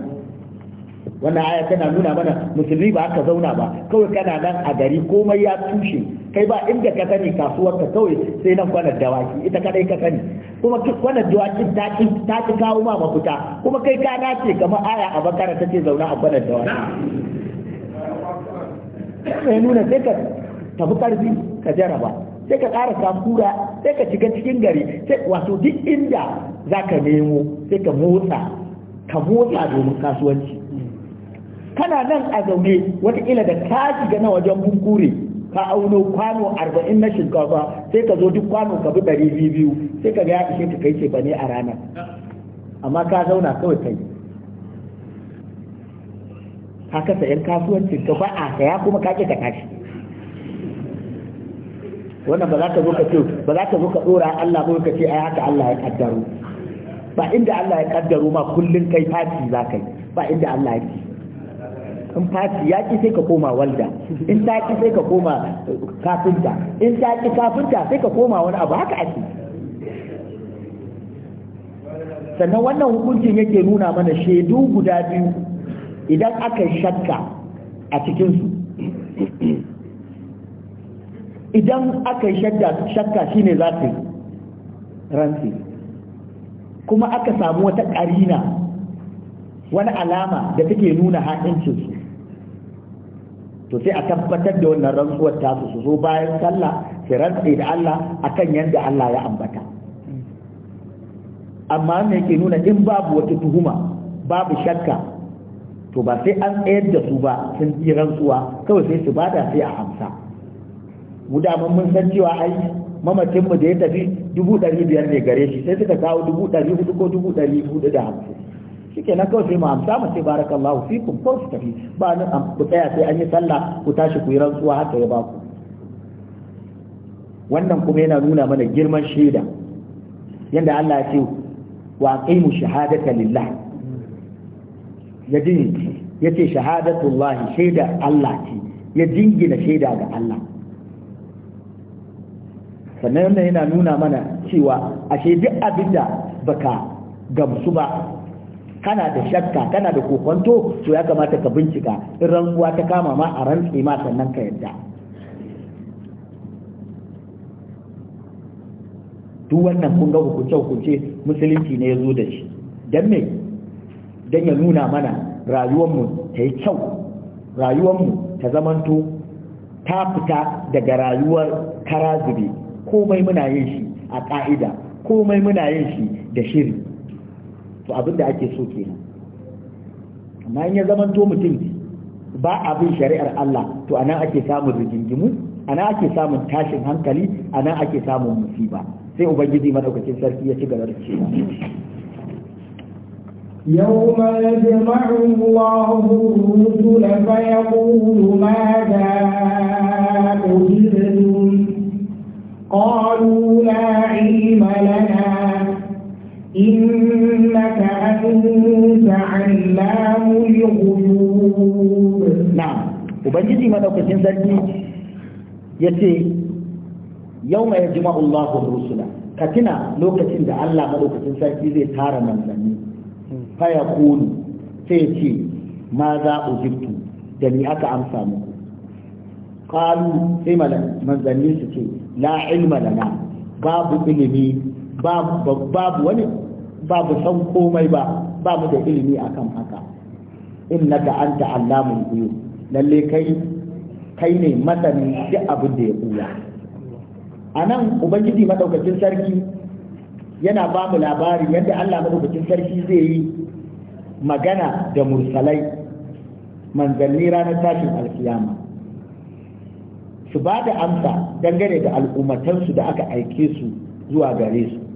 wannan aya tana nuna mana musulmi ba aka zauna ba kawai kana nan a gari komai ya tushe kai ba inda ka sani kasuwar ka kawai sai nan kwanar dawaki ita kadai ka sani kuma kwanar dawaki ta ci ta ci kawo ma mafita kuma kai ka nace kamar aya a bakara ta ce zauna a kwanar dawaki sai nuna sai ka tafi karfi ka jaraba sai ka ƙara samfura sai ka shiga cikin gari sai wato duk inda za ka nemo sai ka motsa ka motsa domin kasuwanci kana nan a zaune watakila da ka shiga na wajen bunkure ka auno kwano arba'in na shinkafa sai ka zo duk kwano ka bi ɗari biyu biyu sai ka ga ya ishe ka kai ce ba ne a rana, amma ka zauna kawai kai ka kasa yan kasuwancin ka ba a saya kuma ka ke ka tashi
wannan ba za ka zo ka ce
ba za ka zo ka dora Allah ko ka ce ai haka Allah ya kaddaro ba inda Allah ya kaddaro ma kullun kai fati za kai ba inda Allah ya in fati ya ki sai ka koma walda in ta ki sai ka koma kafinta in ta ki kafinta sai ka koma wani abu haka ake sannan wannan hukuncin yake nuna mana shaidu guda biyu idan aka shakka a cikinsu idan aka shakka shine za su rantsi kuma aka samu wata karina wani alama da take nuna haɗincinsu to sai a tabbatar da wannan rantsuwar tasu su zo bayan sallah su rantsi da Allah akan yadda Allah ya ambata amma me ke nuna in babu wata tuhuma babu shakka to ba sai an tsayar da su ba sun yi rantsuwa kawai sai su bada sai a amsa mu da mun san cewa ai mamacin da ya tafi dubu ɗari biyar ne gare shi sai suka kawo dubu ɗari hudu ko dubu ɗari hudu da hamsin shike na kawai sai mu amsa mu ce barakallahu fikum ko su tafi ba ni ku tsaya sai an yi sallah ku tashi ku yi rantsuwa haka ya baku wannan kuma yana nuna mana girman shaida yanda Allah ya ce wa aqimu shahadata lillah ya ya ce shahadatullahi shaida Allah ce ya jingina shaida ga Allah sannan yana nuna mana cewa ashe duk abin da baka gamsu ba kana da shakka kana da kokonto to ya kamata ka bincika in ranguwa ta kama ma a rantse ma sannan ka yadda duk wannan kun ga hukunce hukunce musulunci ne ya zo da shi don me don ya nuna mana rayuwarmu ta yi kyau mu ta zamanto ta fita daga rayuwar kara zube komai muna yin shi a ƙa'ida komai muna yin shi da shiri to abin da ake so kenan amma in ya zamanto mutum ba abin shari'ar Allah to anan ake samun rigingimu nan ake samun tashin hankali anan ake samun musiba sai ubangiji madaukakin sarki ya ci gaba da cewa
يوم يجمع الله الرسل فيقول ماذا أجبتم قالوا لا علم لنا Inna sabunta an lamu
Ya ce, yau mai jama'un mako bai sula. Ka tuna lokacin da Allah ma lokacin sarki zai tara lanzanni. Kaya koni, sai ce ma za a zubtu, da ni aka amsa muku. Kalu sai lanzannin su ce, na ilma da Babu wani. babu mu san komai ba ba da ilimi akan haka innaka anta allamul ghuyub lalle kai kai ne madani duk abin da ya buya anan ubangiji madaukakin sarki yana ba mu labari yadda Allah madaukakin sarki zai yi magana da mursalai manzanni ranar tashin alkiyama su ba da amsa dangane da al'ummatansu da aka aike su zuwa gare su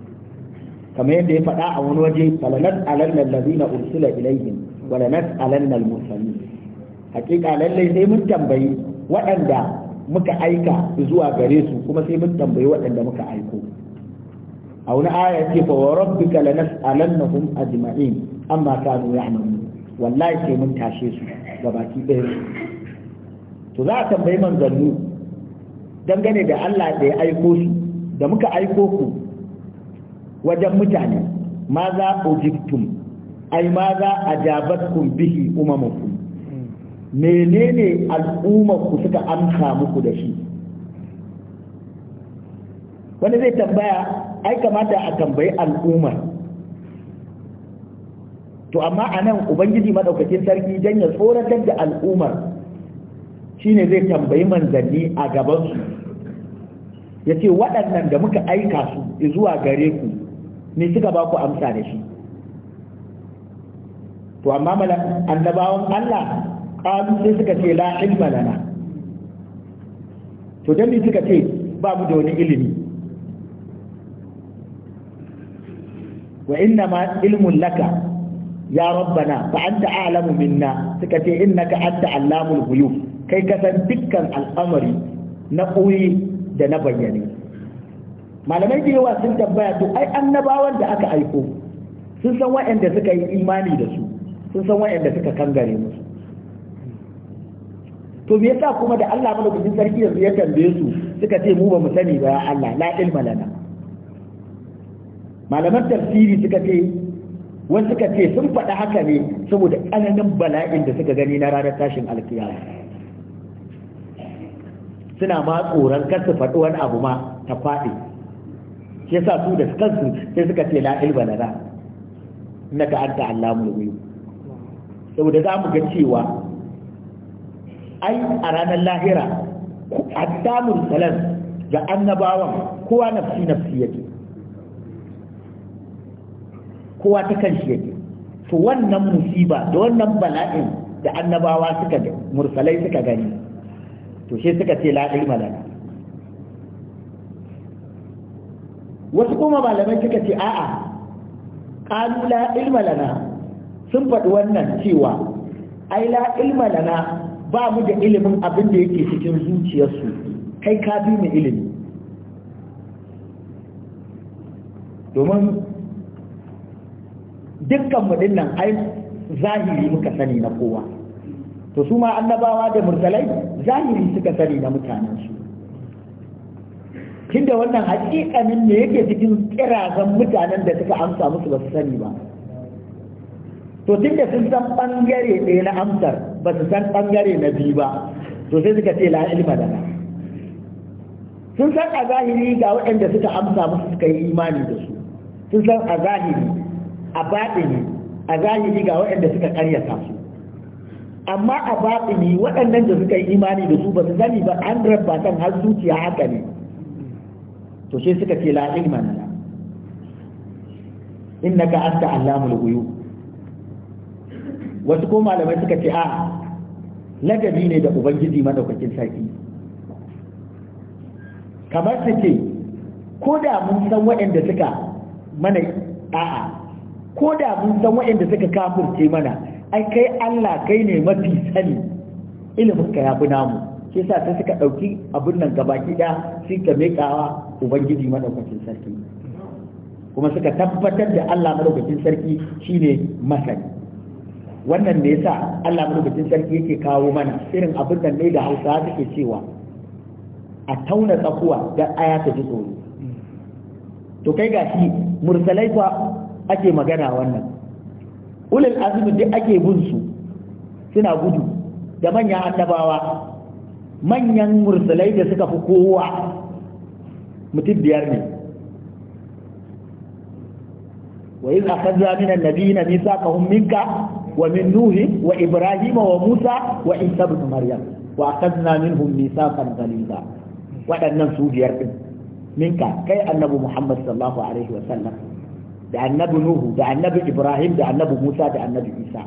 kamar yadda ya faɗa a wani waje falanat alanna allazina ursila ilaihim walanat alanna almursalin hakika lallai sai mun tambayi waɗanda muka aika zuwa gare su kuma sai mun tambayi waɗanda muka aiko a wani aya ce fa wa rabbika lanas'alannahum ajma'in amma kanu ya'malun wallahi sai mun tashe su gabaki ɗaya to za a tambayi manzanni dangane da Allah da ya aiko su da muka aiko ku wajen mutane ma za ujibtum ai ma za a ajabatkum bihi umamukum menene al'ummarku suka amsa muku da shi wani zai tambaya ai kamata a tambayi al'ummar to amma a nan ubangiji maɗaukakin sarki don ya tsoratar da al'ummar shine zai tambayi manzanni a gabansu ya ce waɗannan da muka aika su zuwa gare ku me suka ba ku amsa da shi to amma mala annabawan Allah qalu sai suka ce la ilma lana to dan suka ce ba mu da wani ilimi wa inna ma ilmun laka ya rabbana fa anta a'lamu minna suka ce innaka anta allamul ghuyub kai kasan dukkan al'amari na koyi da na bayyane malamai da yawa sun tambaya to ai annabawan da aka aiko sun san wa'anda suka yi imani da su sun san wa'anda suka kangare musu to me yasa kuma da Allah gudun sarki yanzu ya tambaye su suka ce mu ba mu sani ba ya Allah la ilma lana malaman tafsiri suka ce wani suka ce sun faɗi haka ne saboda tsananin bala'in da suka gani na ranar tashin alkiyama suna ma tsoron kar su faɗi wani abu ma ta faɗi shi yasa su da kansu sai suka ce la ilma na innaka anta allamul ghuyub saboda za mu ga cewa ai a ranar lahira hatta mursalan ga annabawan kowa nafsi nafsi yake kowa ta kan shi yake to wannan musiba da wannan bala'in da annabawa suka mursalai suka gani to shi suka ce la ilma lana wasu kuma malamai suka ce a'a qalu la ilma lana sun faɗi wannan cewa ai la ilma lana ba mu da ilimin abin da yake cikin zuciyarsu kai ka bi mu ilimi domin dukkan mu dinnan ai zahiri muka sani na kowa to su ma annabawa da mursalai zahiri suka sani na mutanensu tunda wannan hakikanin ne yake cikin kirazan mutanen da suka amsa musu ba su sani ba to tunda sun san bangare ɗaya na amsar ba su san bangare na biyu ba to sai suka ce la'ilma ilma da sun san a zahiri ga waɗanda suka amsa musu suka yi imani da su sun san a zahiri a baɗini a zahiri ga waɗanda suka ƙaryata su amma a baɗini waɗannan da suka yi imani da su ba su sani ba an rabatan har zuciya haka ne to shi suka ce la ilman lana innaka anta allamul ghuyub wasu ko malamai suka ce a ladabi ne da ubangiji madaukakin sarki kamar su ce ko da mun san waɗanda suka mana a'a ko da mun san waɗanda suka kafurce mana ai kai Allah kai ne mafi sani ilimin ka ya fi namu shi sa sai suka ɗauki abin nan gabaki ɗaya sai ka miƙawa ubangiji madaukakin sarki kuma suka tabbatar da Allah madaukakin sarki shine masani wannan ne yasa Allah madaukakin sarki yake kawo mana irin abin nan ne da hausa suke cewa a tauna tsakuwa da aya ta ji tsoro to kai gashi mursalai fa ake magana wannan ulil azmi duk ake bin su suna gudu da manyan annabawa manyan mursalai da suka fi kowa mutum biyar ne wa iz akhadna na nisa ka mithaqahum minka wa min nuhi wa ibrahim wa musa wa isa ibn maryam wa akhadna minhum kan ghaliza waɗannan su biyar din minka kai annabi muhammad sallallahu alaihi wa sallam da annabi nuhu da annabi ibrahim da annabi musa da annabi isa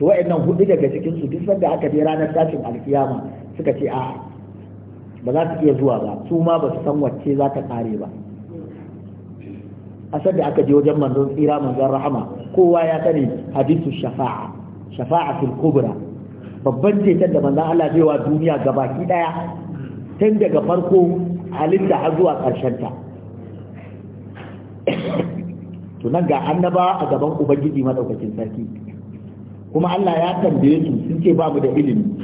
to waɗannan hudu daga cikin su duk sanda aka je ranar tashin alkiyama suka ce a ba za su iya zuwa ba su ma ba su san wacce za ta kare ba asar da aka je wajen manzon tsira manzon rahama kowa ya sani hadisu shafa'a shafa'a fil kubra babban ceton da manzon Allah zai wa duniya gabaki daya tun daga farko halitta har zuwa karshen ta to nan ga annaba a gaban ubangiji madaukakin sarki kuma Allah ya tambaye su sun ce ba da ilimi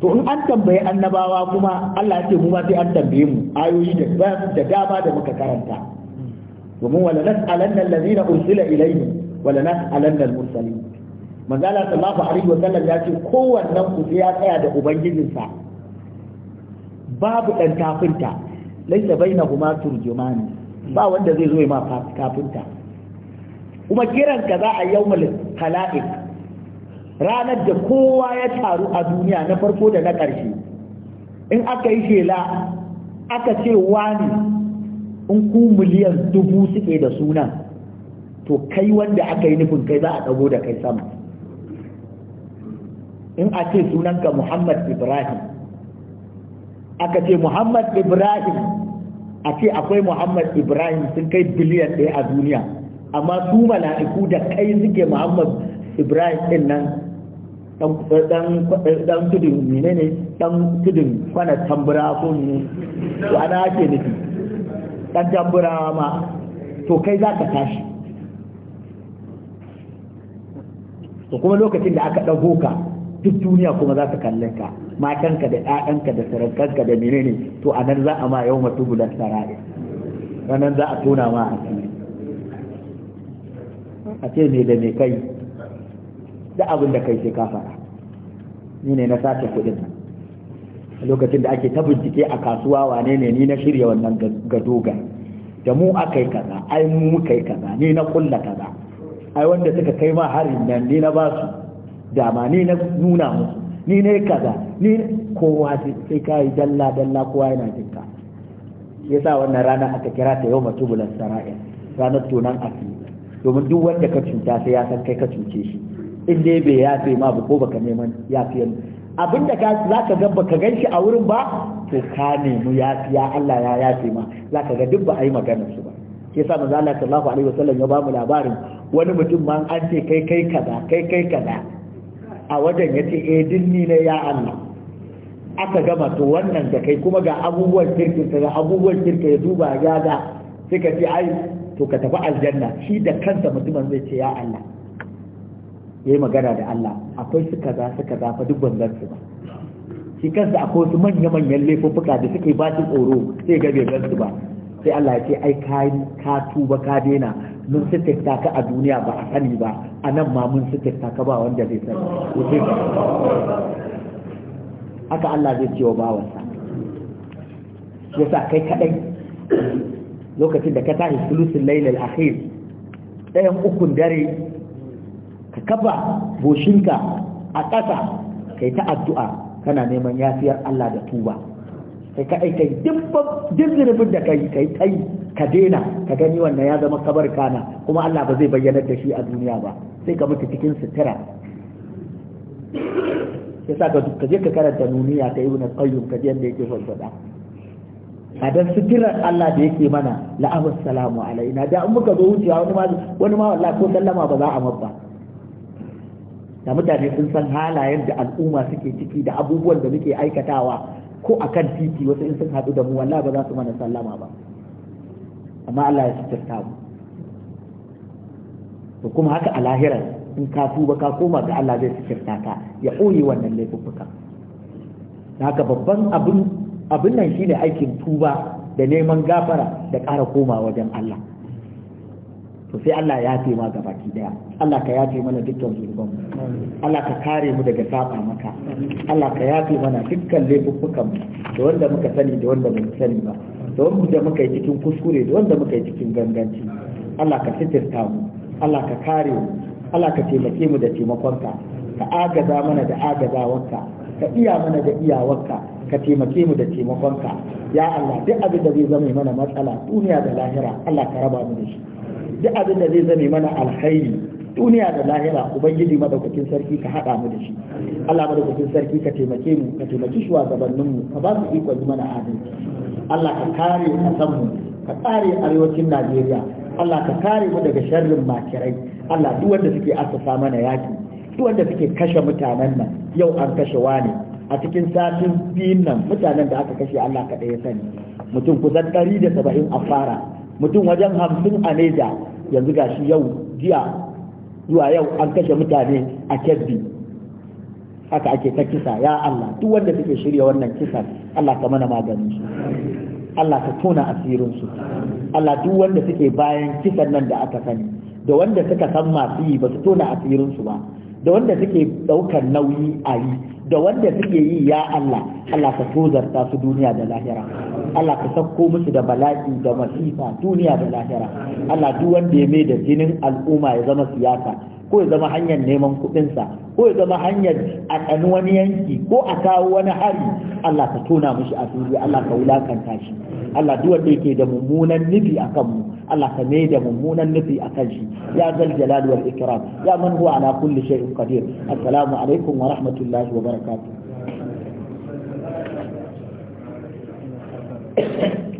to in an tambaye annabawa kuma Allah ya ce mu ma sai an tambaye mu ayoyi da dama da muka karanta domin wala nas'alanna allazina ursila ilayhim wala nas'alanna al-mursalin manzo Allah sallallahu alaihi wa sallam ya ce kowannen ku sai ya tsaya da ubangijinsa babu dan tafinta laisa bainahuma turjumani ba wanda zai zo ya ma kafinta kuma kiran ka za a yawmul khalaiq ranar da kowa ya taru a duniya na farko da na ƙarshe in aka yi shela aka ce wani in ku miliyan dubu suke da sunan to kai wanda aka yi nufin kai za a ɗago da kai sama in a ce sunanka muhammad ibrahim aka ce muhammad ibrahim a ce akwai muhammad ibrahim sun kai biliyan ɗaya a duniya amma su mala'iku da kai suke muhammad ibrahim ɗin nan dan tudun mene ne dan tudun kwana tambura ko ne to ana ake nufi dan tambura ma to kai za ka tashi to kuma lokacin da aka ɗago ka duk duniya kuma za ta kalle ka matanka da ɗaɗanka da sarakanka da menene to a nan za a ma yau mutu bulan sara'i ranar za a tona ma a ce me da me kai da abin da kai sai ka fara ni ne na sace kuɗin nan lokacin da ake ta bincike a kasuwa wane ne ni na shirya wannan gadoga da mu aka yi kaza ai mu muka yi kaza ni na kulla kaza ai wanda suka kai ma harin nan ni na ba su dama ni na nuna musu ni ne kaza ni kowa sai ka yi dalla dalla kowa yana jinka yasa wannan rana aka kira ta yau matubulan sara'in ranar tunan asiri domin duk wanda ka cuta sai ya san kai ka cuce shi in dai bai yafe ma ba ko baka neman yafiya abinda ka za ka ga baka gan shi a wurin ba to ka nemi yafiya Allah ya yafe ma za ka ga duk ba a yi magana su ba ke sa manzo Allah sallallahu alaihi wasallam ya ba mu labarin wani mutum ma an ce kai kai kaza kai kai kaza a wajen yace eh dinni ne ya Allah aka gama to wannan da kai kuma ga abubuwan kirkin ga abubuwan kirka ya duba ya ga sai ka ce ai to ka tafi aljanna shi da kansa mutumin zai ce ya Allah ya yi magana da Allah akwai su kaza su kaza fa duk banzan su ba shi kansa akwai wasu manya-manyan laifuffuka da suke ba su tsoro sai ga bai su ba sai Allah ya ce ai ka tuba ka daina mun tafta ka a duniya ba a sani ba a nan ma mun tafta ka ba wanda zai sani haka Allah zai ce wa bawansa yasa kai kadai lokacin da ka tashi lailai lailal akhir ɗayan ukun dare ka kafa goshinka a ƙasa kai ta addu'a kana neman yafiyar Allah da tuba sai ka aika duk zunubin da kai kai kai ka daina ka gani wannan ya zama kabar kana kuma Allah ba zai bayyana da shi a duniya ba sai ka mutu cikin sutura sai sa ka je ka karanta nuniya ta ibn qayyim ka yanda yake fassada a dan sutura Allah da yake mana la'amu salamu alaina da in muka zo wuce, wani ma wani ma wallahi ko sallama ba za a mabba da mutane sun san halayen da al'umma suke ciki da abubuwan da muke aikatawa ko a kan titi wasu in sun haɗu da mu wallahi ba za su mana sallama ba amma Allah ya suturta mu to kuma haka a lahiran in ka tuba ka koma ga Allah zai suturta ka ya ɓoye wannan laifuffuka haka babban abin abin nan shine aikin tuba da neman gafara da ƙara koma wajen Allah to sai Allah ya taimaka ma gabaki daya Allah ka yafe mana dukkan mu. Allah ka kare mu daga saba maka Allah ka yafe mana dukkan laifuffukan mu da wanda muka sani da wanda muka sani ba da wanda muka yi cikin kuskure da wanda muka yi cikin ganganci Allah ka sitirta mu Allah ka kare mu Allah ka taimake mu da taimakonka ka agaza mana da agazawarka ka iya mana da iyawarka ka taimake mu da taimakonka ya Allah duk abin da zai zame mana matsala duniya da lahira Allah ka raba mu da shi duk abin da zai zame mana alkhairi duniya da lahira ubangiji madaukakin sarki ka haɗa mu da shi Allah madaukakin sarki ka taimake mu ka taimaki shugabannin mu ka ba su ikon mana adalci Allah ka kare kasan mu ka kare arewacin Najeriya Allah ka kare mu daga sharrin makirai Allah duk wanda suke asasa mana yaki duk wanda suke kashe mutanen nan yau an kashe wani a cikin satin biyun nan mutanen da aka kashe Allah ka ya sani mutum kusan ɗari da saba'in a fara mutum wajen hamsin a neja yanzu gashi yau jiya zuwa yau an kashe mutane a kebbi haka ake ta kisa ya Allah duk wanda suke shirya wannan kisa Allah ka mana maganin su Allah ka tona asirin su Allah duk wanda suke bayan kisan nan da aka sani da wanda suka san masu yi ba su tona asirin su ba da wanda suke ɗaukar nauyi a yi da wanda suke yi ya Allah Allah ka tozarta su duniya da lahira Allah ka sauko musu da bala'i da masifa duniya da lahira Allah duk wanda ya mai da jinin al'umma ya zama siyasa ko ya zama hanyar neman kuɗinsa ko ya zama hanyar a ɗan wani yanki ko a kawo wani hari Allah ka tona mushi a fili Allah ka wulakanta shi Allah duk wanda yake da mummunan nufi a kanmu Allah ka mai da mummunan nufi a kan shi ya zal jalal wal ikram ya man huwa ala kulli shay'in qadir assalamu alaikum wa rahmatullahi wa
barakatuh